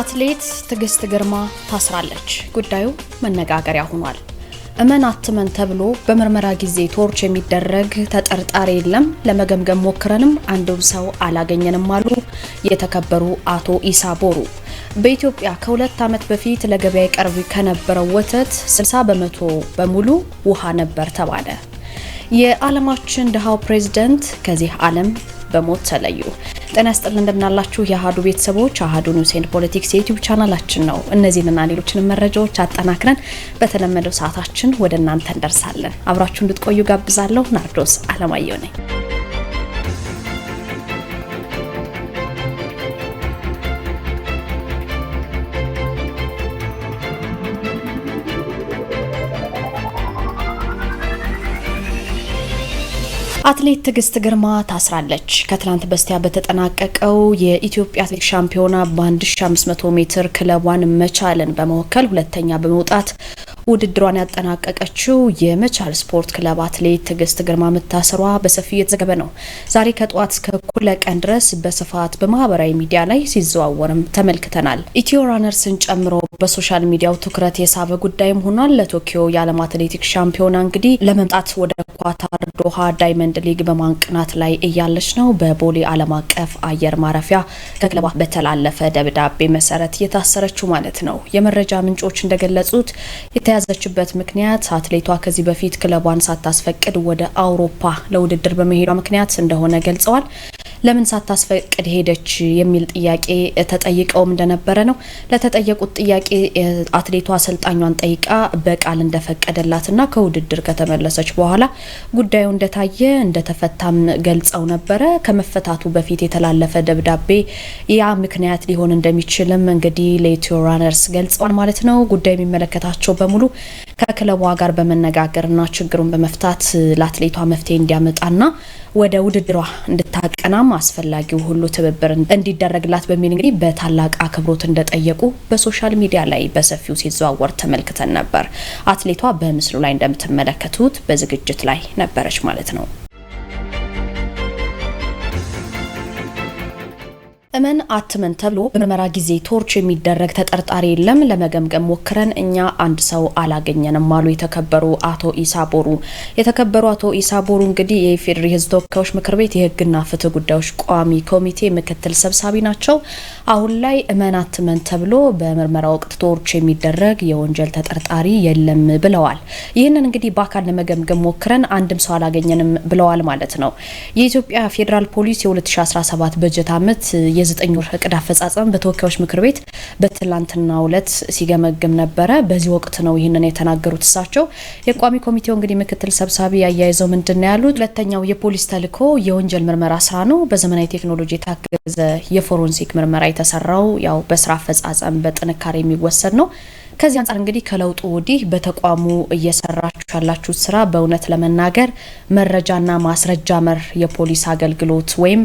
አትሌት ትዕግስት ግርማ ታስራለች። ጉዳዩ መነጋገሪያ ሆኗል። እመን አትመን ተብሎ በምርመራ ጊዜ ቶርች የሚደረግ ተጠርጣሪ የለም፣ ለመገምገም ሞክረንም አንድም ሰው አላገኘንም አሉ የተከበሩ አቶ ኢሳ ቦሩ። በኢትዮጵያ ከሁለት ዓመት በፊት ለገበያ ይቀርብ ከነበረው ወተት 60 በመቶ በሙሉ ውሃ ነበር ተባለ። የዓለማችን ድሃው ፕሬዝደንት ከዚህ ዓለም በሞት ተለዩ። ጤና ይስጥልን እንደምናላችሁ የአህዱ ቤተሰቦች አሀዱ ኒውስ ኤንድ ፖለቲክስ የዩቲዩብ ቻናላችን ነው። እነዚህንና ሌሎችን መረጃዎች አጠናክረን በተለመደው ሰዓታችን ወደ እናንተ እንደርሳለን። አብራችሁ እንድትቆዩ ጋብዛለሁ። ናርዶስ አለማየሁ ነኝ። አትሌት ትዕግስት ግርማ ታስራለች። ከትላንት በስቲያ በተጠናቀቀው የኢትዮጵያ አትሌት ሻምፒዮና በ1500 ሜትር ክለቧን መቻልን በመወከል ሁለተኛ በመውጣት ውድድሯን ያጠናቀቀችው የመቻል ስፖርት ክለብ አትሌት ትዕግስት ግርማ መታሰሯ በሰፊ የተዘገበ ነው። ዛሬ ከጠዋት እስከ እኩለ ቀን ድረስ በስፋት በማህበራዊ ሚዲያ ላይ ሲዘዋወርም ተመልክተናል። ኢትዮ ራነርስን ጨምሮ በሶሻል ሚዲያው ትኩረት የሳበ ጉዳይም ሆኗል። ለቶኪዮ የዓለም አትሌቲክስ ሻምፒዮና እንግዲህ ለመምጣት ወደ ኳታር ዶሃ ዳይመንድ ሊግ በማቅናት ላይ እያለች ነው። በቦሌ ዓለም አቀፍ አየር ማረፊያ ከክለቧ በተላለፈ ደብዳቤ መሰረት እየታሰረችው ማለት ነው። የመረጃ ምንጮች እንደገለጹት የተያዘችበት ምክንያት አትሌቷ ከዚህ በፊት ክለቧን ሳታስፈቅድ ወደ አውሮፓ ለውድድር በመሄዷ ምክንያት እንደሆነ ገልጸዋል። ለምን ሳታስፈቅድ ሄደች የሚል ጥያቄ ተጠይቀውም እንደነበረ ነው። ለተጠየቁት ጥያቄ አትሌቷ አሰልጣኟን ጠይቃ በቃል እንደፈቀደላትና ከውድድር ከተመለሰች በኋላ ጉዳዩ እንደታየ እንደተፈታም ገልጸው ነበረ። ከመፈታቱ በፊት የተላለፈ ደብዳቤ ያ ምክንያት ሊሆን እንደሚችልም እንግዲህ ለኢትዮ ራነርስ ገልጸዋል ማለት ነው። ጉዳይ የሚመለከታቸው በሙሉ ከክለቧ ጋር በመነጋገርና ችግሩን በመፍታት ለአትሌቷ መፍትሄ እንዲያመጣና ወደ ውድድሯ እንድታቀናም አስፈላጊው ሁሉ ትብብር እንዲደረግላት በሚል እንግዲህ በታላቅ አክብሮት እንደጠየቁ በሶሻል ሚዲያ ላይ በሰፊው ሲዘዋወር ተመልክተን ነበር። አትሌቷ በምስሉ ላይ እንደምትመለከቱት በዝግጅት ላይ ነበረች ማለት ነው። እመን አትመን ተብሎ በምርመራ ጊዜ ቶርች የሚደረግ ተጠርጣሪ የለም፣ ለመገምገም ሞክረን እኛ አንድ ሰው አላገኘንም አሉ የተከበሩ አቶ ኢሳ ቦሩ። የተከበሩ አቶ ኢሳ ቦሩ እንግዲህ የኢፌዴሪ ሕዝብ ተወካዮች ምክር ቤት የሕግና ፍትህ ጉዳዮች ቋሚ ኮሚቴ ምክትል ሰብሳቢ ናቸው። አሁን ላይ እመን አትመን ተብሎ በምርመራ ወቅት ቶርች የሚደረግ የወንጀል ተጠርጣሪ የለም ብለዋል። ይህንን እንግዲህ በአካል ለመገምገም ሞክረን አንድም ሰው አላገኘንም ብለዋል ማለት ነው። የኢትዮጵያ ፌዴራል ፖሊስ የ2017 በጀት ዓመት የዘጠኝ ወር እቅድ አፈጻጸም በተወካዮች ምክር ቤት በትላንትናው ዕለት ሲገመግም ነበረ። በዚህ ወቅት ነው ይህንን የተናገሩት እሳቸው። የቋሚ ኮሚቴው እንግዲህ ምክትል ሰብሳቢ አያይዘው ምንድን ነው ያሉት? ሁለተኛው የፖሊስ ተልኮ የወንጀል ምርመራ ስራ ነው። በዘመናዊ ቴክኖሎጂ የታገዘ የፎረንሲክ ምርመራ የተሰራው ያው በስራ አፈጻጸም በጥንካሬ የሚወሰድ ነው። ከዚህ አንጻር እንግዲህ ከለውጡ ወዲህ በተቋሙ እየሰራችሁ ያላችሁት ስራ በእውነት ለመናገር መረጃና ማስረጃ መር የፖሊስ አገልግሎት ወይም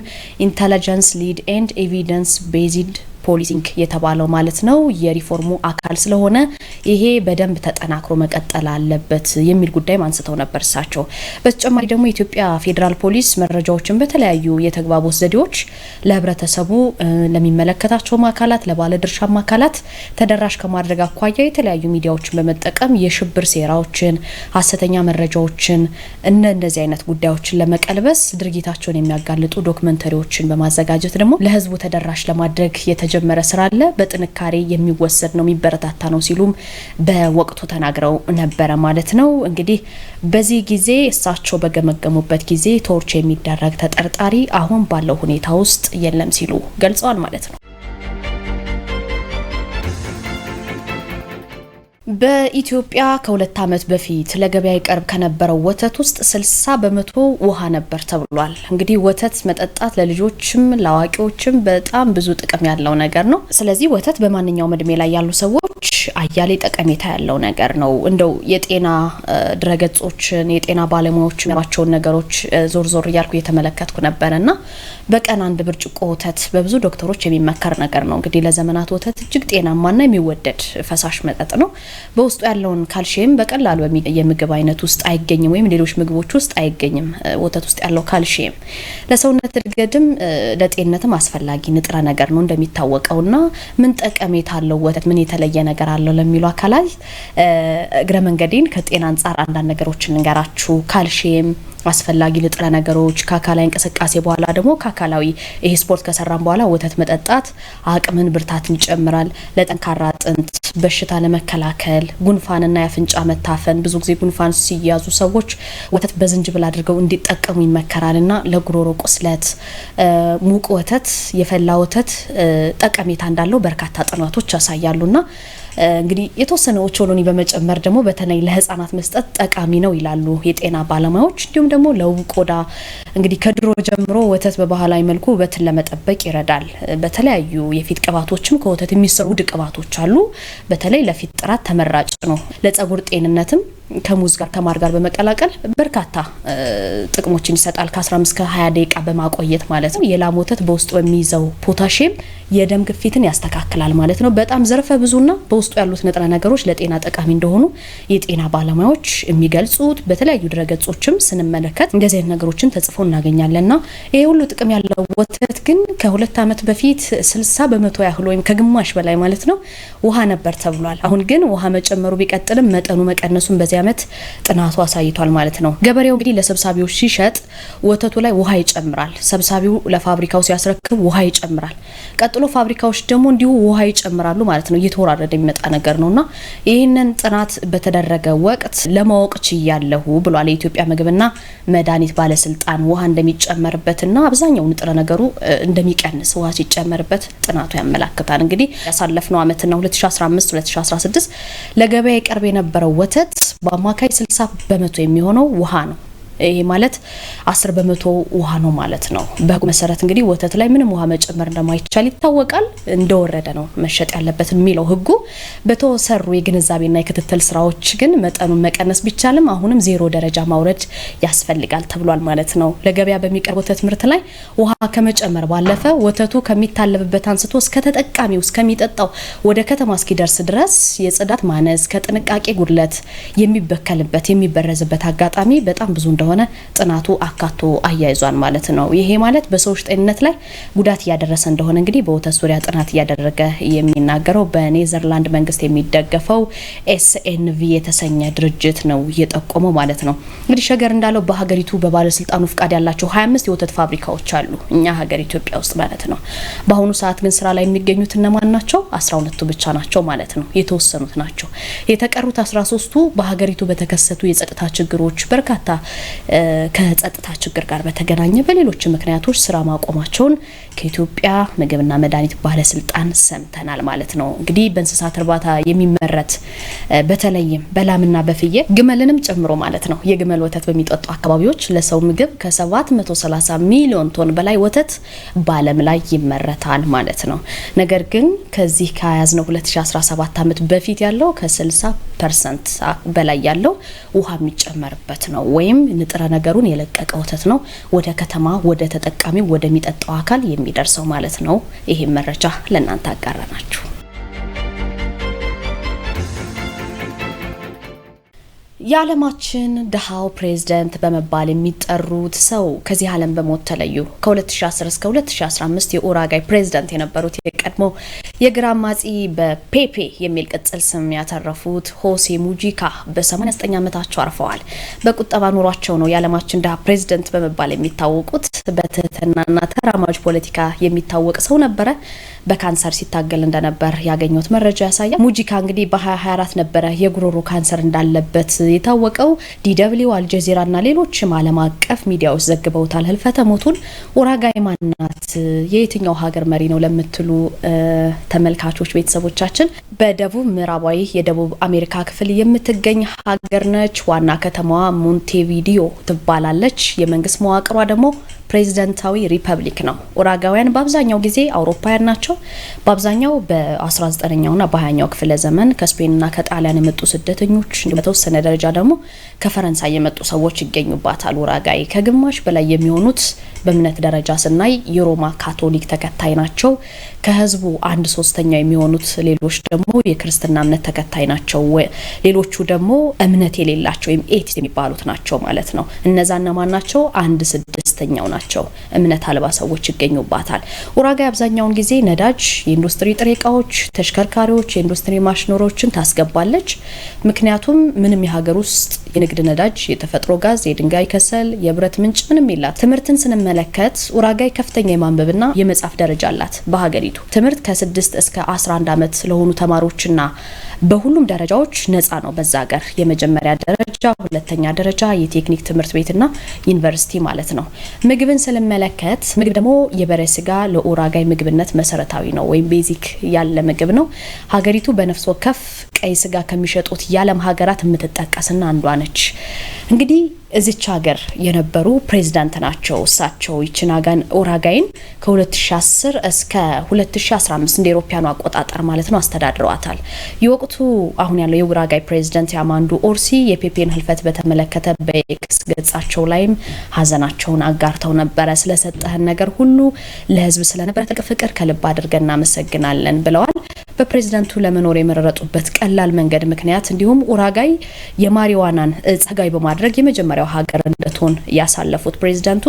ኢንተለጀንስ ሊድ ኤንድ ኤቪደንስ ቤዚድ ፖሊሲንግ የተባለው ማለት ነው የሪፎርሙ አካል ስለሆነ ይሄ በደንብ ተጠናክሮ መቀጠል አለበት የሚል ጉዳይም አንስተው ነበር እሳቸው። በተጨማሪ ደግሞ የኢትዮጵያ ፌዴራል ፖሊስ መረጃዎችን በተለያዩ የተግባቦት ዘዴዎች ለህብረተሰቡ፣ ለሚመለከታቸውም አካላት፣ ለባለድርሻም አካላት ተደራሽ ከማድረግ አኳያ የተለያዩ ሚዲያዎችን በመጠቀም የሽብር ሴራዎችን፣ ሀሰተኛ መረጃዎችን እነ እነዚህ አይነት ጉዳዮችን ለመቀልበስ ድርጊታቸውን የሚያጋልጡ ዶክመንተሪዎችን በማዘጋጀት ደግሞ ለህዝቡ ተደራሽ ለማድረግ የተጀ የተጀመረ ስራ አለ። በጥንካሬ የሚወሰድ ነው፣ የሚበረታታ ነው ሲሉም በወቅቱ ተናግረው ነበረ ማለት ነው። እንግዲህ በዚህ ጊዜ እሳቸው በገመገሙበት ጊዜ ቶርች የሚደረግ ተጠርጣሪ አሁን ባለው ሁኔታ ውስጥ የለም ሲሉ ገልጸዋል ማለት ነው። በኢትዮጵያ ከሁለት ዓመት በፊት ለገበያ ይቀርብ ከነበረው ወተት ውስጥ 60 በመቶ ውሃ ነበር ተብሏል። እንግዲህ ወተት መጠጣት ለልጆችም ለአዋቂዎችም በጣም ብዙ ጥቅም ያለው ነገር ነው። ስለዚህ ወተት በማንኛውም እድሜ ላይ ያሉ ሰዎች አያሌ ጠቀሜታ ያለው ነገር ነው። እንደው የጤና ድረገጾችን የጤና ባለሙያዎች የሚያባቸውን ነገሮች ዞር ዞር እያልኩ እየተመለከትኩ ነበር እና በቀን አንድ ብርጭቆ ወተት በብዙ ዶክተሮች የሚመከር ነገር ነው። እንግዲህ ለዘመናት ወተት እጅግ ጤናማና የሚወደድ ፈሳሽ መጠጥ ነው። በውስጡ ያለውን ካልሽየም በቀላሉ የምግብ አይነት ውስጥ አይገኝም፣ ወይም ሌሎች ምግቦች ውስጥ አይገኝም። ወተት ውስጥ ያለው ካልሽየም ለሰውነት እድገትም ለጤንነትም አስፈላጊ ንጥረ ነገር ነው እንደሚታወቀው እና ምን ጠቀሜታ አለው ወተት ምን የተለየ ነገር አለው ለሚሉ አካላት እግረ መንገዴን ከጤና አንጻር አንዳንድ ነገሮችን ልንገራችሁ። ካልሽየም አስፈላጊ ንጥረ ነገሮች ከአካላዊ እንቅስቃሴ በኋላ ደግሞ ከአካላዊ ይሄ ስፖርት ከሰራን በኋላ ወተት መጠጣት አቅምን፣ ብርታትን ይጨምራል። ለጠንካራ አጥንት፣ በሽታ ለመከላከል ጉንፋንና የአፍንጫ መታፈን፣ ብዙ ጊዜ ጉንፋን ሲያዙ ሰዎች ወተት በዝንጅብል አድርገው እንዲጠቀሙ ይመከራልና ለጉሮሮ ቁስለት ሙቅ ወተት፣ የፈላ ወተት ጠቀሜታ እንዳለው በርካታ ጥናቶች ያሳያሉና እንግዲህ የተወሰነ ኦቾሎኒ በመጨመር ደግሞ በተለይ ለህፃናት መስጠት ጠቃሚ ነው ይላሉ የጤና ባለሙያዎች። እንዲሁም ደግሞ ለውብ ቆዳ እንግዲህ ከድሮ ጀምሮ ወተት በባህላዊ መልኩ ውበትን ለመጠበቅ ይረዳል። በተለያዩ የፊት ቅባቶችም ከወተት የሚሰሩ ውድ ቅባቶች አሉ። በተለይ ለፊት ጥራት ተመራጭ ነው። ለጸጉር ጤንነትም ከሙዝ ጋር ከማር ጋር በመቀላቀል በርካታ ጥቅሞችን ይሰጣል። ከ15 እስከ 20 ደቂቃ በማቆየት ማለት ነው። የላም ወተት በውስጡ በሚይዘው ፖታሽም የደም ግፊትን ያስተካክላል ማለት ነው። በጣም ዘርፈ ብዙና በውስጡ በውስጡ ያሉት ንጥረ ነገሮች ለጤና ጠቃሚ እንደሆኑ የጤና ባለሙያዎች የሚገልጹት በተለያዩ ድረገጾችም ስንመለከት እንደዚህ አይነት ነገሮችን ተጽፎ እናገኛለን። ና ሁሉ ጥቅም ያለው ወተት ግን ከሁለት ዓመት በፊት ስልሳ በመቶ ያህል ወይም ከግማሽ በላይ ማለት ነው ውሃ ነበር ተብሏል። አሁን ግን ውሃ መጨመሩ ቢቀጥልም መጠኑ መቀነሱን በዚህ ዓመት ጥናቱ አሳይቷል ማለት ነው። ገበሬው እንግዲህ ለሰብሳቢዎች ሲሸጥ ወተቱ ላይ ውሃ ይጨምራል። ሰብሳቢው ለፋብሪካው ሲያስረክብ ውሃ ይጨምራል። ቀጥሎ ፋብሪካዎች ደግሞ እንዲሁ ውሃ ይጨምራሉ ማለት ነው። እየተወራረደ የሚመጣ የሚመጣ ነገር ነውና ይህንን ጥናት በተደረገ ወቅት ለማወቅ ችያለሁ ብሏል። የኢትዮጵያ ምግብና መድኃኒት ባለስልጣን ውሃ እንደሚጨመርበትና አብዛኛው ንጥረ ነገሩ እንደሚቀንስ ውሃ ሲጨመርበት ጥናቱ ያመላክታል። እንግዲህ ያሳለፍነው ዓመትና 2015 2016 ለገበያ ይቀርብ የነበረው ወተት በአማካይ 60 በመቶ የሚሆነው ውሃ ነው። ይሄ ማለት አስር በመቶ ውሃ ነው ማለት ነው። በህጉ መሰረት እንግዲህ ወተት ላይ ምንም ውሃ መጨመር እንደማይቻል ይታወቃል። እንደወረደ ነው መሸጥ ያለበት የሚለው ህጉ። በተሰሩ የግንዛቤና የክትትል ስራዎች ግን መጠኑን መቀነስ ቢቻልም አሁንም ዜሮ ደረጃ ማውረድ ያስፈልጋል ተብሏል ማለት ነው። ለገበያ በሚቀርብ ወተት ምርት ላይ ውሃ ከመጨመር ባለፈ ወተቱ ከሚታለብበት አንስቶ እስከ ተጠቃሚው እስከሚጠጣው ወደ ከተማ እስኪደርስ ድረስ የጽዳት ማነስ ከጥንቃቄ ጉድለት የሚበከልበት የሚበረዝበት አጋጣሚ በጣም ብዙ እንደሆነ እንደሆነ ጥናቱ አካቶ አያይዟል ማለት ነው። ይሄ ማለት በሰዎች ጤንነት ላይ ጉዳት እያደረሰ እንደሆነ እንግዲህ በወተት ዙሪያ ጥናት እያደረገ የሚናገረው በኔዘርላንድ መንግስት የሚደገፈው ኤስኤንቪ የተሰኘ ድርጅት ነው እየጠቆመው ማለት ነው። እንግዲህ ሸገር እንዳለው በሀገሪቱ በባለስልጣኑ ፍቃድ ያላቸው 25 የወተት ፋብሪካዎች አሉ እኛ ሀገር ኢትዮጵያ ውስጥ ማለት ነው። በአሁኑ ሰዓት ግን ስራ ላይ የሚገኙት እነማን ናቸው? 12ቱ ብቻ ናቸው ማለት ነው። የተወሰኑት ናቸው። የተቀሩት 13ቱ በሀገሪቱ በተከሰቱ የጸጥታ ችግሮች በርካታ ከጸጥታ ችግር ጋር በተገናኘ በሌሎች ምክንያቶች ስራ ማቆማቸውን ከኢትዮጵያ ምግብና መድኃኒት ባለስልጣን ሰምተናል ማለት ነው። እንግዲህ በእንስሳት እርባታ የሚመረት በተለይም በላምና በፍየ ግመልንም ጨምሮ ማለት ነው የግመል ወተት በሚጠጡ አካባቢዎች ለሰው ምግብ ከ730 ሚሊዮን ቶን በላይ ወተት በዓለም ላይ ይመረታል ማለት ነው። ነገር ግን ከዚህ ከያዝነው 2017 ዓመት በፊት ያለው ከ60 ፐርሰንት በላይ ያለው ውሃ የሚጨመርበት ነው ወይም ንጥረ ነገሩን የለቀቀ ወተት ነው ወደ ከተማ ወደ ተጠቃሚው ወደሚጠጣው አካል የሚደርሰው ማለት ነው። ይህም መረጃ ለእናንተ አጋራ ናችሁ። የዓለማችን ድሃው ፕሬዝደንት በመባል የሚጠሩት ሰው ከዚህ ዓለም በሞት ተለዩ። ከ2010 እስከ 2015 የኡራጋይ ፕሬዝደንት የነበሩት የቀድሞ የግራ አማጺ በፔፔ የሚል ቅጽል ስም ያተረፉት ሆሴ ሙጂካ በ89 ዓመታቸው አርፈዋል። በቁጠባ ኑሯቸው ነው የዓለማችን ድሃ ፕሬዝደንት በመባል የሚታወቁት። በትህትናና ተራማጅ ፖለቲካ የሚታወቅ ሰው ነበረ። በካንሰር ሲታገል እንደነበር ያገኘት መረጃ ያሳያል። ሙጂካ እንግዲህ በ2024 ነበረ የጉሮሮ ካንሰር እንዳለበት የታወቀው። ዲደብሊው፣ አልጀዚራ ሌሎችም ዓለም አቀፍ ሚዲያዎች ዘግበውታል ህልፈተ ሞቱን። ኡራጋይ ማናት የየትኛው ሀገር መሪ ነው ለምትሉ ተመልካቾች ቤተሰቦቻችን በደቡብ ምዕራባዊ የደቡብ አሜሪካ ክፍል የምትገኝ ሀገር ነች። ዋና ከተማዋ ሞንቴቪዲዮ ትባላለች። የመንግስት መዋቅሯ ደግሞ ፕሬዚደንታዊ ሪፐብሊክ ነው። ኡራጋውያን በአብዛኛው ጊዜ አውሮፓውያን ናቸው። በአብዛኛው በ19ኛውና በ20ኛው ክፍለ ዘመን ከስፔንና ከጣሊያን የመጡ ስደተኞች፣ በተወሰነ ደረጃ ደግሞ ከፈረንሳይ የመጡ ሰዎች ይገኙባታል። ኡራጋይ ከግማሽ በላይ የሚሆኑት በእምነት ደረጃ ስናይ የሮማ ካቶሊክ ተከታይ ናቸው። ከህዝቡ አንድ ሶስተኛ የሚሆኑት ሌሎች ደግሞ የክርስትና እምነት ተከታይ ናቸው። ሌሎቹ ደግሞ እምነት የሌላቸው ወይም ኤት የሚባሉት ናቸው ማለት ነው። እነዛ እነማን ናቸው? አንድ ስድስተኛው ናቸው። እምነት አልባ ሰዎች ይገኙባታል። ኡራጋይ አብዛኛውን ጊዜ ነዳጅ፣ የኢንዱስትሪ ጥሬ እቃዎች፣ ተሽከርካሪዎች፣ የኢንዱስትሪ ማሽኖሮችን ታስገባለች። ምክንያቱም ምንም የሀገር ውስጥ የንግድ ነዳጅ፣ የተፈጥሮ ጋዝ፣ የድንጋይ ከሰል፣ የብረት ምንጭ ምንም የላት። ትምህርትን ስንመ ስንመለከት ኡራጋይ ከፍተኛ የማንበብና የመጻፍ ደረጃ አላት። በሀገሪቱ ትምህርት ከስድስት እስከ 11 ዓመት ለሆኑ ተማሪዎችና በሁሉም ደረጃዎች ነጻ ነው። በዛ ሀገር የመጀመሪያ ደረጃ፣ ሁለተኛ ደረጃ፣ የቴክኒክ ትምህርት ቤትና ዩኒቨርሲቲ ማለት ነው። ምግብን ስንመለከት ምግብ ደግሞ የበሬ ስጋ ለኡራጋይ ምግብነት መሰረታዊ ነው ወይም ቤዚክ ያለ ምግብ ነው። ሀገሪቱ በነፍስ ወከፍ ቀይ ስጋ ከሚሸጡት የዓለም ሀገራት የምትጠቀስና አንዷ ነች። እንግዲህ እዚች ሀገር የነበሩ ፕሬዝዳንት ናቸው። እሳቸው ይችን ኦራጋይን ከ2010 እስከ 2015 እንደ ኤሮፓያኑ አቆጣጠር ማለት ነው አስተዳድረዋታል። የወቅቱ አሁን ያለው የኡራጋይ ፕሬዚደንት የአማንዱ ኦርሲ የፔፔን ህልፈት በተመለከተ በኤክስ ገጻቸው ላይም ሀዘናቸውን አጋርተው ነበረ። ስለሰጠህን ነገር ሁሉ ለህዝብ ስለነበረ ጥቅ ፍቅር ከልብ አድርገን እናመሰግናለን ብለዋል። በፕሬዚደንቱ ለመኖር የመረረጡበት ቀላል መንገድ ምክንያት እንዲሁም ኡራጋይ የማሪዋናን ጸጋዊ በማድረግ በማድረግ የመጀመሪያው ሀገር እንድትሆን ያሳለፉት ፕሬዚደንቱ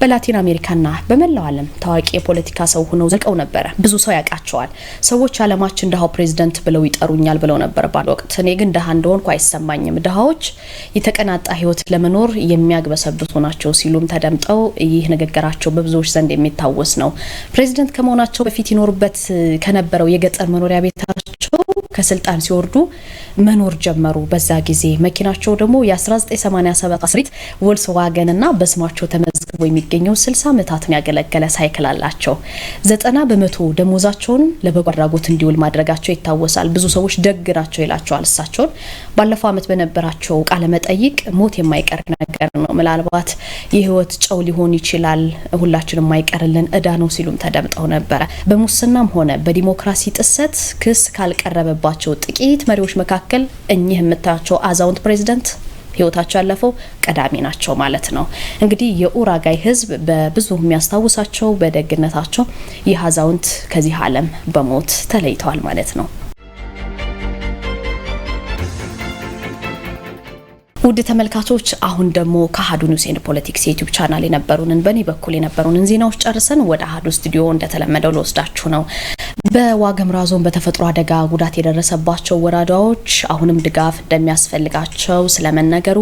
በላቲን አሜሪካና በመላው ዓለም ታዋቂ የፖለቲካ ሰው ሆነው ዘልቀው ነበረ። ብዙ ሰው ያውቃቸዋል። ሰዎች አለማችን ድሃው ፕሬዚደንት ብለው ይጠሩኛል ብለው ነበር ባለ ወቅት። እኔ ግን ድሃ እንደሆንኩ አይሰማኝም። ድሃዎች የተቀናጣ ህይወት ለመኖር የሚያግበሰብቱ ናቸው ሲሉም ተደምጠው ይህ ንግግራቸው በብዙዎች ዘንድ የሚታወስ ነው። ፕሬዚደንት ከመሆናቸው በፊት ይኖሩበት ከነበረው የገጠር መኖሪያ ቤት ከስልጣን ሲወርዱ መኖር ጀመሩ። በዛ ጊዜ መኪናቸው ደግሞ የ1987 አስሪት ቮልስዋገን እና በስማቸው ተመዝግቦ የሚገኘው 60 ዓመታትን ያገለገለ ሳይክል አላቸው። ዘጠና በመቶ ደሞዛቸውን ለበጎ አድራጎት እንዲውል ማድረጋቸው ይታወሳል። ብዙ ሰዎች ደግ ናቸው ይላቸዋል እሳቸውን። ባለፈው ዓመት በነበራቸው ቃለመጠይቅ ሞት የማይቀር ነገር ነው፣ ምናልባት የህይወት ጨው ሊሆን ይችላል፣ ሁላችንም የማይቀርልን እዳ ነው ሲሉም ተደምጠው ነበረ። በሙስናም ሆነ በዲሞክራሲ ጥሰት ክስ ካልቀረበ ከነበሩባቸው ጥቂት መሪዎች መካከል እኚህ የምታያቸው አዛውንት ፕሬዚደንት ህይወታቸው ያለፈው ቀዳሚ ናቸው ማለት ነው። እንግዲህ የኡራጋይ ህዝብ በብዙ የሚያስታውሳቸው በደግነታቸው ይህ አዛውንት ከዚህ ዓለም በሞት ተለይተዋል ማለት ነው። ውድ ተመልካቾች አሁን ደግሞ ከአሀዱ ኒውስ ኤንድ ፖለቲክስ የዩቲዩብ ቻናል የነበሩንን በእኔ በኩል የነበሩንን ዜናዎች ጨርሰን ወደ አሀዱ ስቱዲዮ እንደተለመደው ልወስዳችሁ ነው። በዋገምራ ዞን በተፈጥሮ አደጋ ጉዳት የደረሰባቸው ወረዳዎች አሁንም ድጋፍ እንደሚያስፈልጋቸው ስለመነገሩ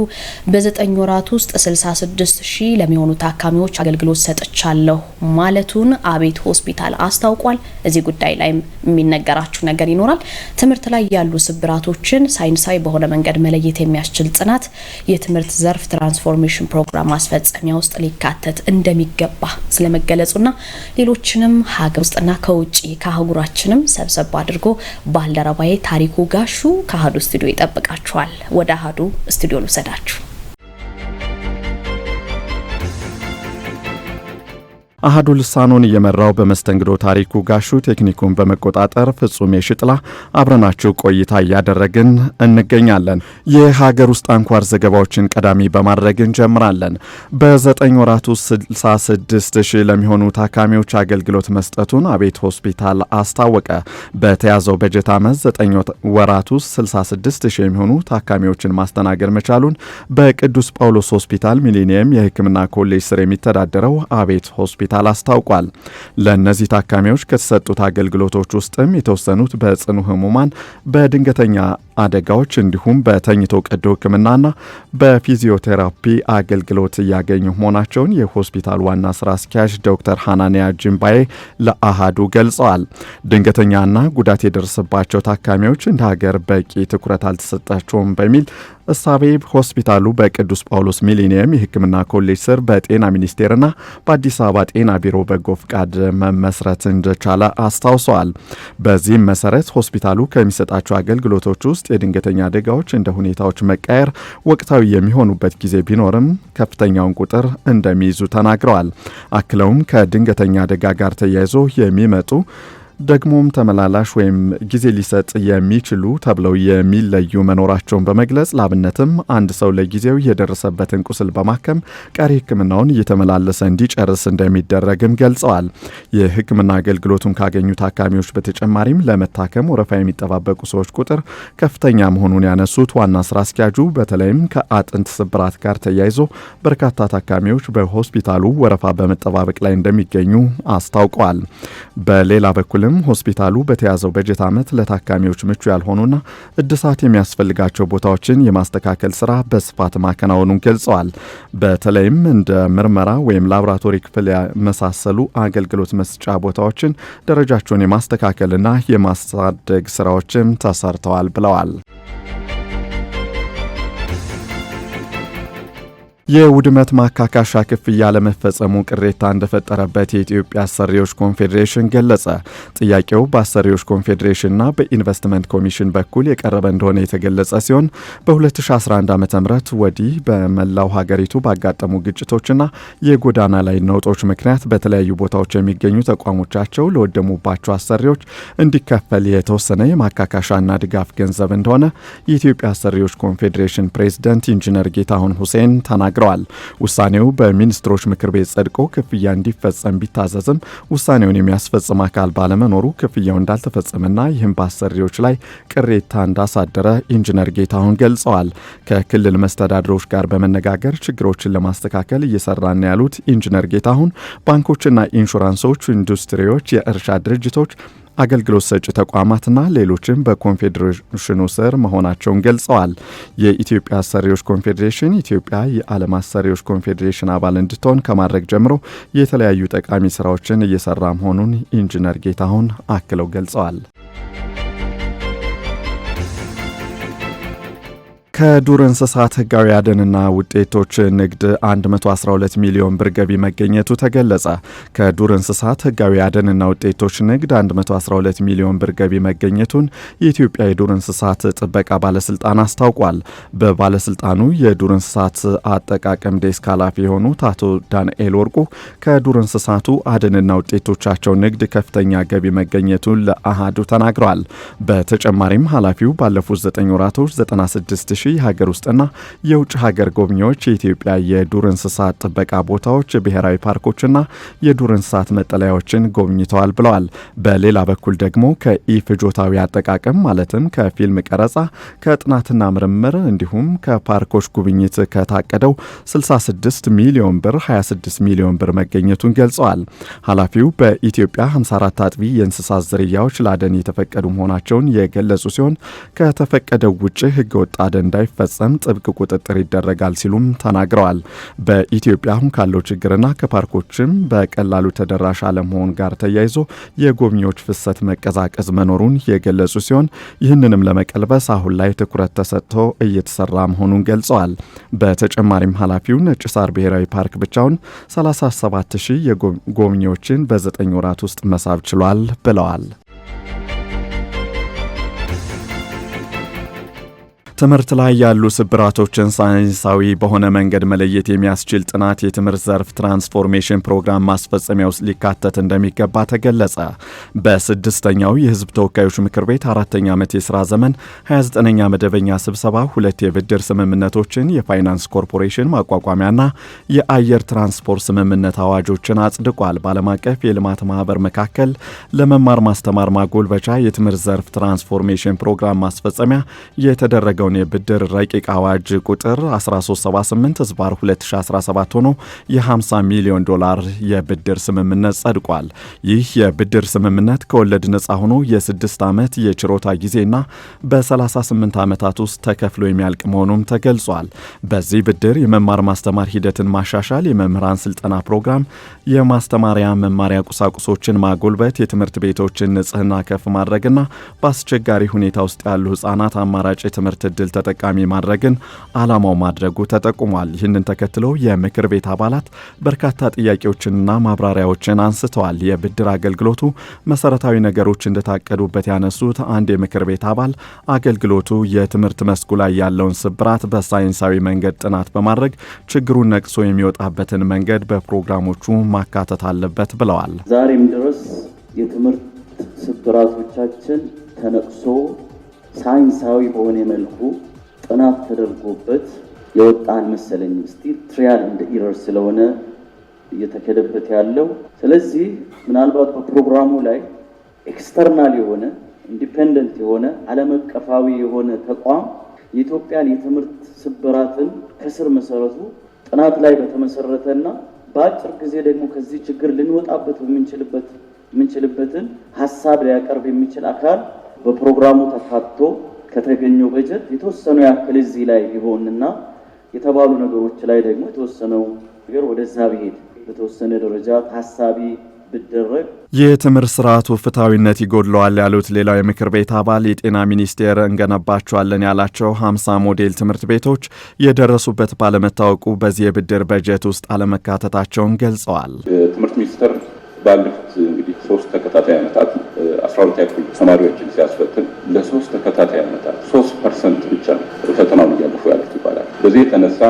በዘጠኝ ወራት ውስጥ 66 ሺህ ለሚሆኑ ታካሚዎች አገልግሎት ሰጥቻለሁ ማለቱን አቤት ሆስፒታል አስታውቋል። እዚህ ጉዳይ ላይ የሚነገራችሁ ነገር ይኖራል። ትምህርት ላይ ያሉ ስብራቶችን ሳይንሳዊ በሆነ መንገድ መለየት የሚያስችል ጥናት የትምህርት ዘርፍ ትራንስፎርሜሽን ፕሮግራም ማስፈጸሚያ ውስጥ ሊካተት እንደሚገባ ስለመገለጹና ሌሎችንም ሀገር ውስጥና ከውጭ ከአህጉራችንም ሰብሰብ አድርጎ ባልደረባዬ ታሪኩ ጋሹ ከአህዱ ስቱዲዮ ይጠብቃችኋል። ወደ አህዱ ስቱዲዮ ልውሰዳችሁ። አህዱ ልሳኑን እየመራው በመስተንግዶ ታሪኩ ጋሹ፣ ቴክኒኩን በመቆጣጠር ፍጹሜ ሽጥላ፣ አብረናችሁ ቆይታ እያደረግን እንገኛለን። የሀገር ውስጥ አንኳር ዘገባዎችን ቀዳሚ በማድረግ እንጀምራለን። በዘጠኝ ወራቱ 66 ሺህ ለሚሆኑ ታካሚዎች አገልግሎት መስጠቱን አቤት ሆስፒታል አስታወቀ። በተያዘው በጀት ዓመት ዘጠኝ ወራቱ 66 ሺህ የሚሆኑ ታካሚዎችን ማስተናገድ መቻሉን በቅዱስ ጳውሎስ ሆስፒታል ሚሊኒየም የሕክምና ኮሌጅ ስር የሚተዳደረው አቤት ሆስፒታል ሆስፒታል አስታውቋል። ለእነዚህ ታካሚዎች ከተሰጡት አገልግሎቶች ውስጥም የተወሰኑት በጽኑ ህሙማን፣ በድንገተኛ አደጋዎች እንዲሁም በተኝቶ ቀዶ ህክምናና በፊዚዮቴራፒ አገልግሎት እያገኙ መሆናቸውን የሆስፒታል ዋና ስራ አስኪያጅ ዶክተር ሃናንያ ጅምባዬ ለአሃዱ ገልጸዋል። ድንገተኛና ጉዳት የደረሰባቸው ታካሚዎች እንደ ሀገር በቂ ትኩረት አልተሰጣቸውም በሚል እሳቤ ሆስፒታሉ በቅዱስ ጳውሎስ ሚሊኒየም የሕክምና ኮሌጅ ስር በጤና ሚኒስቴርና በአዲስ አበባ ጤና ቢሮ በጎ ፍቃድ መመስረት እንደቻለ አስታውሰዋል። በዚህም መሰረት ሆስፒታሉ ከሚሰጣቸው አገልግሎቶች ውስጥ የድንገተኛ አደጋዎች እንደ ሁኔታዎች መቃየር ወቅታዊ የሚሆኑበት ጊዜ ቢኖርም ከፍተኛውን ቁጥር እንደሚይዙ ተናግረዋል። አክለውም ከድንገተኛ አደጋ ጋር ተያይዞ የሚመጡ ደግሞም ተመላላሽ ወይም ጊዜ ሊሰጥ የሚችሉ ተብለው የሚለዩ መኖራቸውን በመግለጽ ላብነትም አንድ ሰው ለጊዜው የደረሰበትን ቁስል በማከም ቀሪ ሕክምናውን እየተመላለሰ እንዲጨርስ እንደሚደረግም ገልጸዋል። የሕክምና አገልግሎቱን ካገኙ ታካሚዎች በተጨማሪም ለመታከም ወረፋ የሚጠባበቁ ሰዎች ቁጥር ከፍተኛ መሆኑን ያነሱት ዋና ስራ አስኪያጁ በተለይም ከአጥንት ስብራት ጋር ተያይዞ በርካታ ታካሚዎች በሆስፒታሉ ወረፋ በመጠባበቅ ላይ እንደሚገኙ አስታውቀዋል። በሌላ በኩልም በመጨመርም ሆስፒታሉ በተያዘው በጀት ዓመት ለታካሚዎች ምቹ ያልሆኑና እድሳት የሚያስፈልጋቸው ቦታዎችን የማስተካከል ስራ በስፋት ማከናወኑን ገልጸዋል። በተለይም እንደ ምርመራ ወይም ላቦራቶሪ ክፍል የመሳሰሉ አገልግሎት መስጫ ቦታዎችን ደረጃቸውን የማስተካከልና የማሳደግ ስራዎችም ተሰርተዋል ብለዋል። የውድመት ማካካሻ ክፍያ ለመፈጸሙ ቅሬታ እንደፈጠረበት የኢትዮጵያ አሰሪዎች ኮንፌዴሬሽን ገለጸ። ጥያቄው በአሰሪዎች ኮንፌዴሬሽንና በኢንቨስትመንት ኮሚሽን በኩል የቀረበ እንደሆነ የተገለጸ ሲሆን በ2011 ዓ ም ወዲህ በመላው ሀገሪቱ ባጋጠሙ ግጭቶችና የጎዳና ላይ ነውጦች ምክንያት በተለያዩ ቦታዎች የሚገኙ ተቋሞቻቸው ለወደሙባቸው አሰሪዎች እንዲከፈል የተወሰነ የማካካሻና ድጋፍ ገንዘብ እንደሆነ የኢትዮጵያ አሰሪዎች ኮንፌዴሬሽን ፕሬዚደንት ኢንጂነር ጌታሁን ሁሴን ተናግረዋል። ተናግረዋል። ውሳኔው በሚኒስትሮች ምክር ቤት ጸድቆ ክፍያ እንዲፈጸም ቢታዘዝም ውሳኔውን የሚያስፈጽም አካል ባለመኖሩ ክፍያው እንዳልተፈጸመና ይህም በአሰሪዎች ላይ ቅሬታ እንዳሳደረ ኢንጂነር ጌታሁን ገልጸዋል። ከክልል መስተዳድሮች ጋር በመነጋገር ችግሮችን ለማስተካከል እየሰራን ያሉት ኢንጂነር ጌታሁን ባንኮችና ኢንሹራንሶች፣ ኢንዱስትሪዎች፣ የእርሻ ድርጅቶች አገልግሎት ሰጪ ተቋማትና ሌሎችም በኮንፌዴሬሽኑ ስር መሆናቸውን ገልጸዋል። የኢትዮጵያ አሰሪዎች ኮንፌዴሬሽን ኢትዮጵያ የዓለም አሰሪዎች ኮንፌዴሬሽን አባል እንድትሆን ከማድረግ ጀምሮ የተለያዩ ጠቃሚ ስራዎችን እየሰራ መሆኑን ኢንጂነር ጌታሁን አክለው ገልጸዋል። ከዱር እንስሳት ህጋዊ አደንና ውጤቶች ንግድ 112 ሚሊዮን ብር ገቢ መገኘቱ ተገለጸ። ከዱር እንስሳት ህጋዊ አደንና ውጤቶች ንግድ 112 ሚሊዮን ብር ገቢ መገኘቱን የኢትዮጵያ የዱር እንስሳት ጥበቃ ባለስልጣን አስታውቋል። በባለስልጣኑ የዱር እንስሳት አጠቃቀም ዴስክ ኃላፊ የሆኑት አቶ ዳንኤል ወርቁ ከዱር እንስሳቱ አደንና ውጤቶቻቸው ንግድ ከፍተኛ ገቢ መገኘቱን ለአሃዱ ተናግረዋል። በተጨማሪም ኃላፊው ባለፉት 9 ወራቶች 96 ሀገር ውስጥና የውጭ ሀገር ጎብኚዎች የኢትዮጵያ የዱር እንስሳት ጥበቃ ቦታዎች፣ ብሔራዊ ፓርኮችና የዱር እንስሳት መጠለያዎችን ጎብኝተዋል ብለዋል። በሌላ በኩል ደግሞ ከኢፍጆታዊ አጠቃቀም ማለትም ከፊልም ቀረጻ፣ ከጥናትና ምርምር እንዲሁም ከፓርኮች ጉብኝት ከታቀደው 66 ሚሊዮን ብር 26 ሚሊዮን ብር መገኘቱን ገልጸዋል። ኃላፊው በኢትዮጵያ 54 አጥቢ የእንስሳት ዝርያዎች ለአደን የተፈቀዱ መሆናቸውን የገለጹ ሲሆን ከተፈቀደው ውጭ ህገወጥ አደን እንዳይፈጸም ጥብቅ ቁጥጥር ይደረጋል ሲሉም ተናግረዋል። በኢትዮጵያ አሁን ካለው ችግርና ከፓርኮችም በቀላሉ ተደራሽ አለመሆን ጋር ተያይዞ የጎብኚዎች ፍሰት መቀዛቀዝ መኖሩን የገለጹ ሲሆን ይህንንም ለመቀልበስ አሁን ላይ ትኩረት ተሰጥቶ እየተሰራ መሆኑን ገልጸዋል። በተጨማሪም ኃላፊው ነጭ ሳር ብሔራዊ ፓርክ ብቻውን 37 ሺህ ጎብኚዎችን በዘጠኝ ወራት ውስጥ መሳብ ችሏል ብለዋል። ትምህርት ላይ ያሉ ስብራቶችን ሳይንሳዊ በሆነ መንገድ መለየት የሚያስችል ጥናት የትምህርት ዘርፍ ትራንስፎርሜሽን ፕሮግራም ማስፈጸሚያ ውስጥ ሊካተት እንደሚገባ ተገለጸ። በስድስተኛው የሕዝብ ተወካዮች ምክር ቤት አራተኛ ዓመት የሥራ ዘመን 29ኛ መደበኛ ስብሰባ ሁለት የብድር ስምምነቶችን፣ የፋይናንስ ኮርፖሬሽን ማቋቋሚያና የአየር ትራንስፖርት ስምምነት አዋጆችን አጽድቋል። በዓለም አቀፍ የልማት ማህበር መካከል ለመማር ማስተማር ማጎልበቻ የትምህርት ዘርፍ ትራንስፎርሜሽን ፕሮግራም ማስፈጸሚያ የተደረገው የወጣውን የብድር ረቂቅ አዋጅ ቁጥር 1378 ህዝባር 2017 ሆኖ የ50 ሚሊዮን ዶላር የብድር ስምምነት ጸድቋል። ይህ የብድር ስምምነት ከወለድ ነፃ ሆኖ የ6 ዓመት የችሮታ ጊዜና በ38 ዓመታት ውስጥ ተከፍሎ የሚያልቅ መሆኑም ተገልጿል። በዚህ ብድር የመማር ማስተማር ሂደትን ማሻሻል፣ የመምህራን ስልጠና ፕሮግራም፣ የማስተማሪያ መማሪያ ቁሳቁሶችን ማጎልበት፣ የትምህርት ቤቶችን ንጽህና ከፍ ማድረግና በአስቸጋሪ ሁኔታ ውስጥ ያሉ ህጻናት አማራጭ የትምህርት እድል ተጠቃሚ ማድረግን ዓላማው ማድረጉ ተጠቁሟል። ይህንን ተከትሎ የምክር ቤት አባላት በርካታ ጥያቄዎችንና ማብራሪያዎችን አንስተዋል። የብድር አገልግሎቱ መሰረታዊ ነገሮች እንደታቀዱበት ያነሱት አንድ የምክር ቤት አባል አገልግሎቱ የትምህርት መስኩ ላይ ያለውን ስብራት በሳይንሳዊ መንገድ ጥናት በማድረግ ችግሩን ነቅሶ የሚወጣበትን መንገድ በፕሮግራሞቹ ማካተት አለበት ብለዋል። ዛሬም ድረስ የትምህርት ስብራቶቻችን ተነቅሶ ሳይንሳዊ በሆነ መልኩ ጥናት ተደርጎበት የወጣ አልመሰለኝ። ስቲል ትሪያል እንደ ኢረር ስለሆነ እየተከደበት ያለው። ስለዚህ ምናልባት በፕሮግራሙ ላይ ኤክስተርናል የሆነ ኢንዲፔንደንት የሆነ ዓለም አቀፋዊ የሆነ ተቋም የኢትዮጵያን የትምህርት ስብራትን ከስር መሰረቱ ጥናት ላይ በተመሰረተና በአጭር ጊዜ ደግሞ ከዚህ ችግር ልንወጣበት የምንችልበትን ሀሳብ ሊያቀርብ የሚችል አካል በፕሮግራሙ ተካቶ ከተገኘው በጀት የተወሰነው ያክል እዚህ ላይ ቢሆንና የተባሉ ነገሮች ላይ ደግሞ የተወሰነው ነገር ወደዛ ብሄድ በተወሰነ ደረጃ ታሳቢ ብደረግ የትምህርት ስርዓቱ ፍትሐዊነት ይጎድለዋል ያሉት ሌላው የምክር ቤት አባል የጤና ሚኒስቴር እንገነባቸዋለን ያላቸው 50 ሞዴል ትምህርት ቤቶች የደረሱበት ባለመታወቁ በዚህ የብድር በጀት ውስጥ አለመካተታቸውን ገልጸዋል። ትምህርት ሚኒስቴር ባለፉት እንግዲህ ሶስት ተከታታይ ዓመታት ክፍል ተማሪዎችን ሲያስፈትን ለሶስት ተከታታይ ዓመታት ሶስት ፐርሰንት ብቻ ነው ፈተናውን እያለፉ ያሉት ይባላል። በዚህ የተነሳ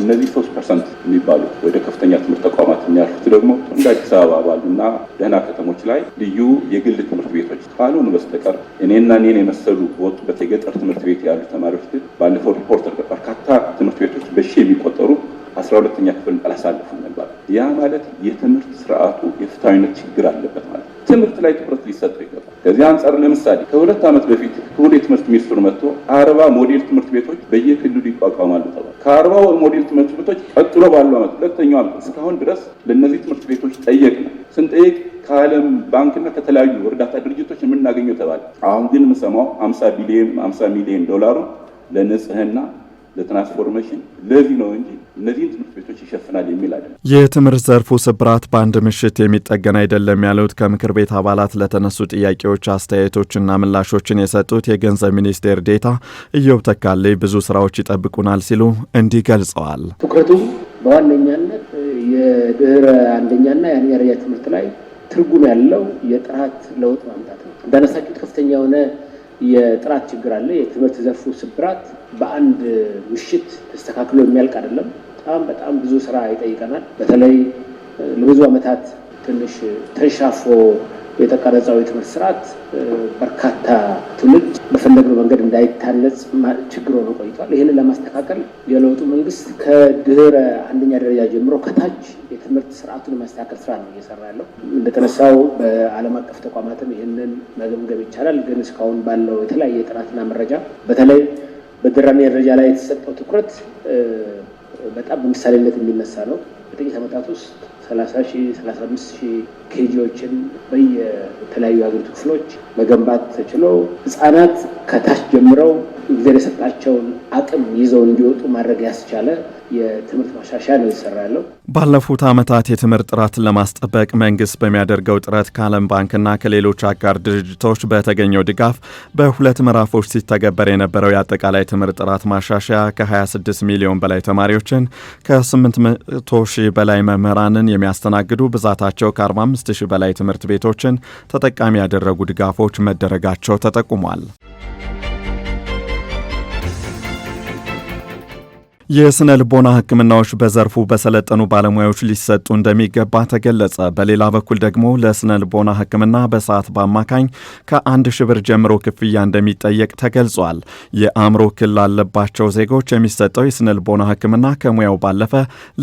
እነዚህ ሶስት ፐርሰንት የሚባሉት ወደ ከፍተኛ ትምህርት ተቋማት የሚያልፉት ደግሞ እንደ አዲስ አበባ ባሉና ደህና ከተሞች ላይ ልዩ የግል ትምህርት ቤቶች ካልሆኑ በስተቀር እኔና እኔን የመሰሉ በወጡበት የገጠር ትምህርት ቤት ያሉ ተማሪዎች ግን ባለፈው ሪፖርት በርካታ ትምህርት ቤቶች በሺ የሚቆጠሩ አስራ ሁለተኛ ክፍል አላሳለፉም ነበር። ያ ማለት የትምህርት ስርዓቱ የፍትሐዊነት ችግር አለበት ማለት ነው። ትምህርት ላይ ትኩረት ሊሰጠው ይገባል። ከዚህ አንጻር ለምሳሌ ከሁለት ዓመት በፊት ክቡር የትምህርት ሚኒስትሩ መጥቶ አርባ ሞዴል ትምህርት ቤቶች በየክልሉ ይቋቋማሉ ተባለ። ከአርባ ሞዴል ትምህርት ቤቶች ቀጥሎ ባለው ዓመት ሁለተኛው ዓመት እስካሁን ድረስ ለእነዚህ ትምህርት ቤቶች ጠየቅ ነው ከዓለም ባንክና ከተለያዩ እርዳታ ድርጅቶች የምናገኘው ተባለ። አሁን ግን የምሰማው 50 ቢሊየን 50 ሚሊዮን ዶላሩ ለንጽህና ለትራንስፎርሜሽን ለዚህ ነው እንጂ እነዚህን ትምህርት ቤቶች ይሸፍናል የሚል አይደለም። የትምህርት ዘርፉ ስብራት በአንድ ምሽት የሚጠገን አይደለም ያሉት ከምክር ቤት አባላት ለተነሱ ጥያቄዎች አስተያየቶችና ምላሾችን የሰጡት የገንዘብ ሚኒስቴር ዴታ ኢዮብ ተካልኝ ብዙ ስራዎች ይጠብቁናል ሲሉ እንዲህ ገልጸዋል። ትኩረቱ በዋነኛነት የድህረ አንደኛና የአንደኛ ደረጃ ትምህርት ላይ ትርጉም ያለው የጥራት ለውጥ ማምጣት ነው። እንዳነሳችሁት ከፍተኛ የሆነ የጥራት ችግር አለ። የትምህርት ዘርፉ ስብራት በአንድ ምሽት ተስተካክሎ የሚያልቅ አይደለም። በጣም በጣም ብዙ ስራ ይጠይቀናል። በተለይ ለብዙ ዓመታት ትንሽ ተንሻፎ የተቀረጸው የትምህርት ስርዓት በርካታ ትውልድ በፈለግነው መንገድ እንዳይታነጽ ችግር ሆኖ ቆይቷል። ይህንን ለማስተካከል የለውጡ መንግስት ከድህረ አንደኛ ደረጃ ጀምሮ ከታች የትምህርት ስርዓቱን የማስተካከል ስራ ነው እየሰራ ያለው። እንደተነሳው በዓለም አቀፍ ተቋማትም ይህንን መገምገም ይቻላል። ግን እስካሁን ባለው የተለያየ ጥናትና መረጃ በተለይ በድራሜ ደረጃ ላይ የተሰጠው ትኩረት በጣም በምሳሌነት የሚነሳ ነው። በጥቂት ዓመታት ውስጥ 30 ሺህ 35 ሺህ ኬጂዎችን በየተለያዩ የሀገሪቱ ክፍሎች መገንባት ተችሎ ህጻናት ከታች ጀምረው እግዚአብሔር የሰጣቸውን አቅም ይዘው እንዲወጡ ማድረግ ያስቻለ የትምህርት ማሻሻያ ነው የተሰራ ያለው። ባለፉት ዓመታት የትምህርት ጥራትን ለማስጠበቅ መንግስት በሚያደርገው ጥረት ከዓለም ባንክና ከሌሎች አጋር ድርጅቶች በተገኘው ድጋፍ በሁለት ምዕራፎች ሲተገበር የነበረው የአጠቃላይ ትምህርት ጥራት ማሻሻያ ከ26 ሚሊዮን በላይ ተማሪዎችን ከ800 ሺህ በላይ መምህራንን የሚያስተናግዱ ብዛታቸው ከ45 ሺህ በላይ ትምህርት ቤቶችን ተጠቃሚ ያደረጉ ድጋፎች መደረጋቸው ተጠቁሟል። የስነ ልቦና ሕክምናዎች በዘርፉ በሰለጠኑ ባለሙያዎች ሊሰጡ እንደሚገባ ተገለጸ። በሌላ በኩል ደግሞ ለስነ ልቦና ሕክምና በሰዓት በአማካኝ ከአንድ ሺ ብር ጀምሮ ክፍያ እንደሚጠየቅ ተገልጿል። የአእምሮ እክል ላለባቸው ዜጎች የሚሰጠው የስነ ልቦና ሕክምና ከሙያው ባለፈ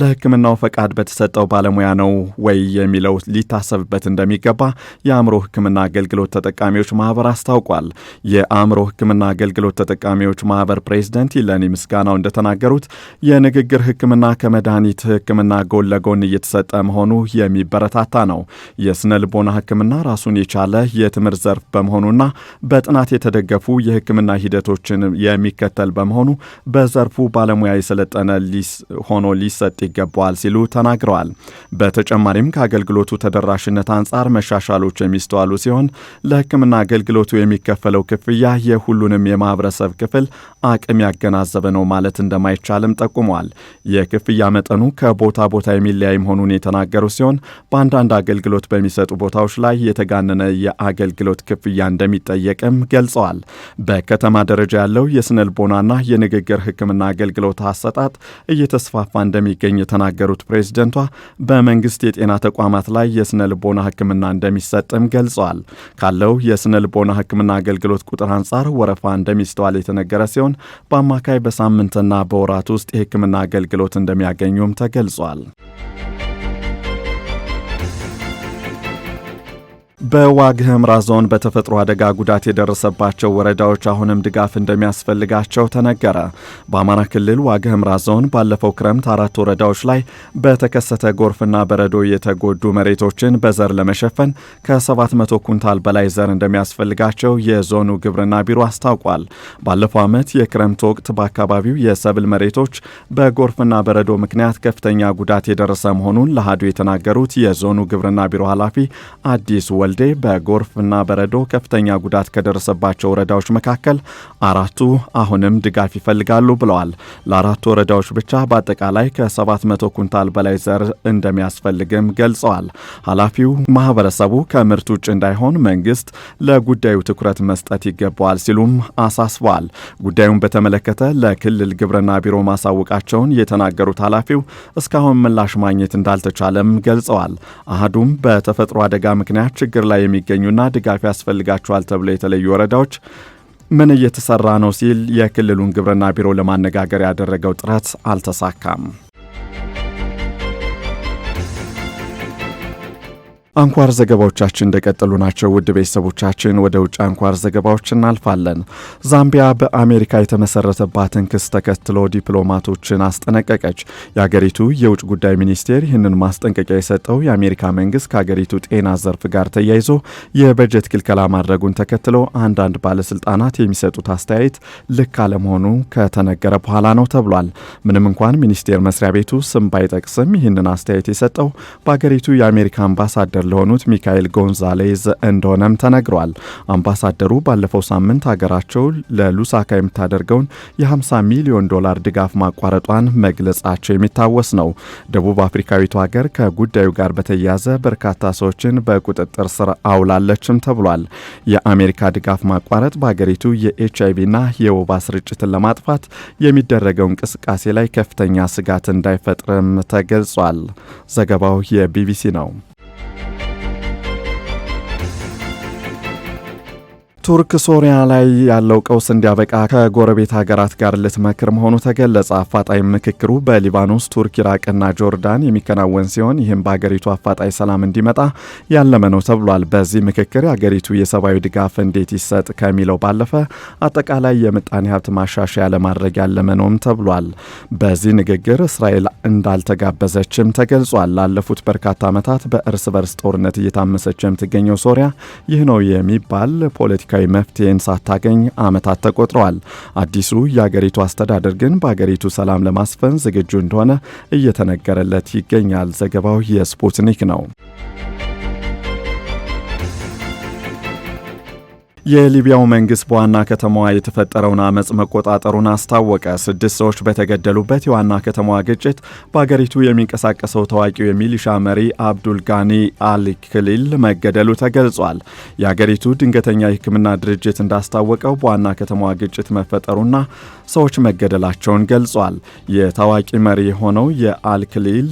ለሕክምናው ፈቃድ በተሰጠው ባለሙያ ነው ወይ የሚለው ሊታሰብበት እንደሚገባ የአእምሮ ሕክምና አገልግሎት ተጠቃሚዎች ማህበር አስታውቋል። የአእምሮ ሕክምና አገልግሎት ተጠቃሚዎች ማህበር ፕሬዚደንት ይለኔ ምስጋናው እንደተናገሩት የንግግር ህክምና ከመድኃኒት ህክምና ጎን ለጎን እየተሰጠ መሆኑ የሚበረታታ ነው። የስነ ልቦና ህክምና ራሱን የቻለ የትምህርት ዘርፍ በመሆኑና በጥናት የተደገፉ የህክምና ሂደቶችን የሚከተል በመሆኑ በዘርፉ ባለሙያ የሰለጠነ ሆኖ ሊሰጥ ይገባዋል ሲሉ ተናግረዋል። በተጨማሪም ከአገልግሎቱ ተደራሽነት አንጻር መሻሻሎች የሚስተዋሉ ሲሆን ለህክምና አገልግሎቱ የሚከፈለው ክፍያ የሁሉንም የማህበረሰብ ክፍል አቅም ያገናዘበ ነው ማለት እንደማይቻልም መሆኑንም ጠቁመዋል። የክፍያ መጠኑ ከቦታ ቦታ የሚለያይ መሆኑን የተናገሩ ሲሆን በአንዳንድ አገልግሎት በሚሰጡ ቦታዎች ላይ የተጋነነ የአገልግሎት ክፍያ እንደሚጠየቅም ገልጸዋል። በከተማ ደረጃ ያለው የስነ ልቦናና የንግግር ሕክምና አገልግሎት አሰጣጥ እየተስፋፋ እንደሚገኝ የተናገሩት ፕሬዚደንቷ በመንግስት የጤና ተቋማት ላይ የስነ ልቦና ሕክምና እንደሚሰጥም ገልጸዋል። ካለው የስነ ልቦና ሕክምና አገልግሎት ቁጥር አንጻር ወረፋ እንደሚስተዋል የተነገረ ሲሆን በአማካይ በሳምንትና በወራት ውስጥ የሕክምና አገልግሎት እንደሚያገኙም ተገልጿል። በዋግ ኽምራ ዞን በተፈጥሮ አደጋ ጉዳት የደረሰባቸው ወረዳዎች አሁንም ድጋፍ እንደሚያስፈልጋቸው ተነገረ። በአማራ ክልል ዋግ ኽምራ ዞን ባለፈው ክረምት አራት ወረዳዎች ላይ በተከሰተ ጎርፍና በረዶ የተጎዱ መሬቶችን በዘር ለመሸፈን ከ700 ኩንታል በላይ ዘር እንደሚያስፈልጋቸው የዞኑ ግብርና ቢሮ አስታውቋል። ባለፈው ዓመት የክረምት ወቅት በአካባቢው የሰብል መሬቶች በጎርፍና በረዶ ምክንያት ከፍተኛ ጉዳት የደረሰ መሆኑን ለአሐዱ የተናገሩት የዞኑ ግብርና ቢሮ ኃላፊ አዲስ ወልዴ በጎርፍና በረዶ ከፍተኛ ጉዳት ከደረሰባቸው ወረዳዎች መካከል አራቱ አሁንም ድጋፍ ይፈልጋሉ ብለዋል። ለአራቱ ወረዳዎች ብቻ በአጠቃላይ ከ700 ኩንታል በላይ ዘር እንደሚያስፈልግም ገልጸዋል። ኃላፊው ማህበረሰቡ ከምርት ውጭ እንዳይሆን መንግስት ለጉዳዩ ትኩረት መስጠት ይገባዋል ሲሉም አሳስበዋል። ጉዳዩን በተመለከተ ለክልል ግብርና ቢሮ ማሳወቃቸውን የተናገሩት ኃላፊው እስካሁን ምላሽ ማግኘት እንዳልተቻለም ገልጸዋል። አህዱም በተፈጥሮ አደጋ ምክንያት ችግር ችግር ላይ የሚገኙና ድጋፍ ያስፈልጋቸዋል ተብለው የተለዩ ወረዳዎች ምን እየተሰራ ነው ሲል የክልሉን ግብርና ቢሮ ለማነጋገር ያደረገው ጥረት አልተሳካም። አንኳር ዘገባዎቻችን እንደቀጠሉ ናቸው። ውድ ቤተሰቦቻችን ወደ ውጭ አንኳር ዘገባዎች እናልፋለን። ዛምቢያ በአሜሪካ የተመሰረተባትን ክስ ተከትሎ ዲፕሎማቶችን አስጠነቀቀች። የአገሪቱ የውጭ ጉዳይ ሚኒስቴር ይህንን ማስጠንቀቂያ የሰጠው የአሜሪካ መንግስት ከአገሪቱ ጤና ዘርፍ ጋር ተያይዞ የበጀት ክልከላ ማድረጉን ተከትሎ አንዳንድ ባለስልጣናት የሚሰጡት አስተያየት ልክ አለመሆኑ ከተነገረ በኋላ ነው ተብሏል። ምንም እንኳን ሚኒስቴር መስሪያ ቤቱ ስም ባይጠቅስም ይህንን አስተያየት የሰጠው በአገሪቱ የአሜሪካ አምባሳደር ለሆኑት ሚካኤል ጎንዛሌዝ እንደሆነም ተነግሯል። አምባሳደሩ ባለፈው ሳምንት ሀገራቸው ለሉሳካ የምታደርገውን የ50 ሚሊዮን ዶላር ድጋፍ ማቋረጧን መግለጻቸው የሚታወስ ነው። ደቡብ አፍሪካዊቱ ሀገር ከጉዳዩ ጋር በተያያዘ በርካታ ሰዎችን በቁጥጥር ስር አውላለችም ተብሏል። የአሜሪካ ድጋፍ ማቋረጥ በሀገሪቱ የኤች እና የወባ ስርጭትን ለማጥፋት የሚደረገው እንቅስቃሴ ላይ ከፍተኛ ስጋት እንዳይፈጥርም ተገልጿል። ዘገባው የቢቢሲ ነው። ቱርክ ሶሪያ ላይ ያለው ቀውስ እንዲያበቃ ከጎረቤት ሀገራት ጋር ልትመክር መሆኑ ተገለጸ። አፋጣኝ ምክክሩ በሊባኖስ፣ ቱርክ፣ ኢራቅና ጆርዳን የሚከናወን ሲሆን ይህም በሀገሪቱ አፋጣኝ ሰላም እንዲመጣ ያለመ ነው ተብሏል። በዚህ ምክክር የሀገሪቱ የሰብአዊ ድጋፍ እንዴት ይሰጥ ከሚለው ባለፈ አጠቃላይ የምጣኔ ሀብት ማሻሻያ ለማድረግ ያለመ ነውም ተብሏል። በዚህ ንግግር እስራኤል እንዳልተጋበዘችም ተገልጿል። ላለፉት በርካታ ዓመታት በእርስ በርስ ጦርነት እየታመሰች የምትገኘው ሶሪያ ይህ ነው የሚባል ፖለቲ ፖለቲካዊ መፍትሄን ሳታገኝ ዓመታት ተቆጥረዋል። አዲሱ የአገሪቱ አስተዳደር ግን በአገሪቱ ሰላም ለማስፈን ዝግጁ እንደሆነ እየተነገረለት ይገኛል። ዘገባው የስፑትኒክ ነው። የሊቢያው መንግስት በዋና ከተማዋ የተፈጠረውን አመፅ መቆጣጠሩን አስታወቀ። ስድስት ሰዎች በተገደሉበት የዋና ከተማዋ ግጭት በአገሪቱ የሚንቀሳቀሰው ታዋቂው የሚሊሻ መሪ አብዱል ጋኒ አልክሊል መገደሉ ተገልጿል። የአገሪቱ ድንገተኛ የሕክምና ድርጅት እንዳስታወቀው በዋና ከተማዋ ግጭት መፈጠሩና ሰዎች መገደላቸውን ገልጿል። የታዋቂ መሪ የሆነው የአልክሊል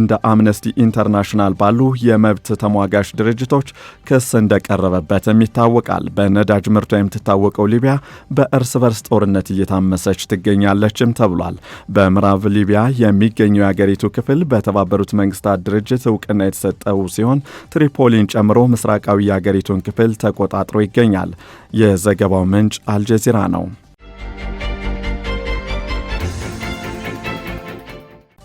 እንደ አምነስቲ ኢንተርናሽናል ባሉ የመብት ተሟጋች ድርጅቶች ክስ እንደቀረበበትም ይታወቃል። በነዳጅ ምርቷ የምትታወቀው ሊቢያ በእርስ በርስ ጦርነት እየታመሰች ትገኛለችም ተብሏል። በምዕራብ ሊቢያ የሚገኘው የአገሪቱ ክፍል በተባበሩት መንግስታት ድርጅት እውቅና የተሰጠው ሲሆን ትሪፖሊን ጨምሮ ምስራቃዊ የአገሪቱን ክፍል ተቆጣጥሮ ይገኛል። የዘገባው ምንጭ አልጀዚራ ነው።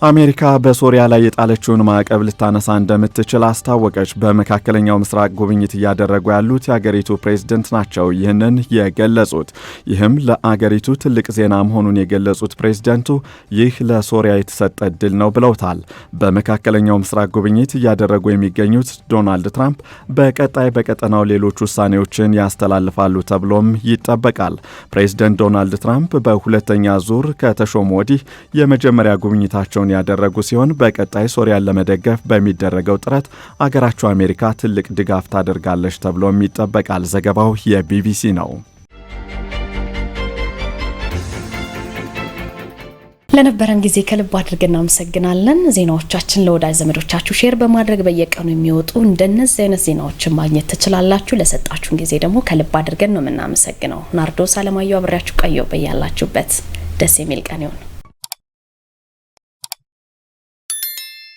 አሜሪካ በሶሪያ ላይ የጣለችውን ማዕቀብ ልታነሳ እንደምትችል አስታወቀች። በመካከለኛው ምስራቅ ጉብኝት እያደረጉ ያሉት የአገሪቱ ፕሬዝደንት ናቸው ይህንን የገለጹት። ይህም ለአገሪቱ ትልቅ ዜና መሆኑን የገለጹት ፕሬዝደንቱ ይህ ለሶሪያ የተሰጠ እድል ነው ብለውታል። በመካከለኛው ምስራቅ ጉብኝት እያደረጉ የሚገኙት ዶናልድ ትራምፕ በቀጣይ በቀጠናው ሌሎች ውሳኔዎችን ያስተላልፋሉ ተብሎም ይጠበቃል። ፕሬዝደንት ዶናልድ ትራምፕ በሁለተኛ ዙር ከተሾሙ ወዲህ የመጀመሪያ ጉብኝታቸውን ንግግራቸውን ያደረጉ ሲሆን በቀጣይ ሶሪያን ለመደገፍ በሚደረገው ጥረት አገራቸው አሜሪካ ትልቅ ድጋፍ ታደርጋለች ተብሎም ይጠበቃል። ዘገባው የቢቢሲ ነው። ለነበረን ጊዜ ከልብ አድርገን እናመሰግናለን። ዜናዎቻችን ለወዳጅ ዘመዶቻችሁ ሼር በማድረግ በየቀኑ የሚወጡ እንደነዚህ አይነት ዜናዎችን ማግኘት ትችላላችሁ። ለሰጣችሁን ጊዜ ደግሞ ከልብ አድርገን ነው የምናመሰግነው። ናርዶስ አለማየሁ አብሬያችሁ ቀየው። በያላችሁበት ደስ የሚል ቀን ይሁን።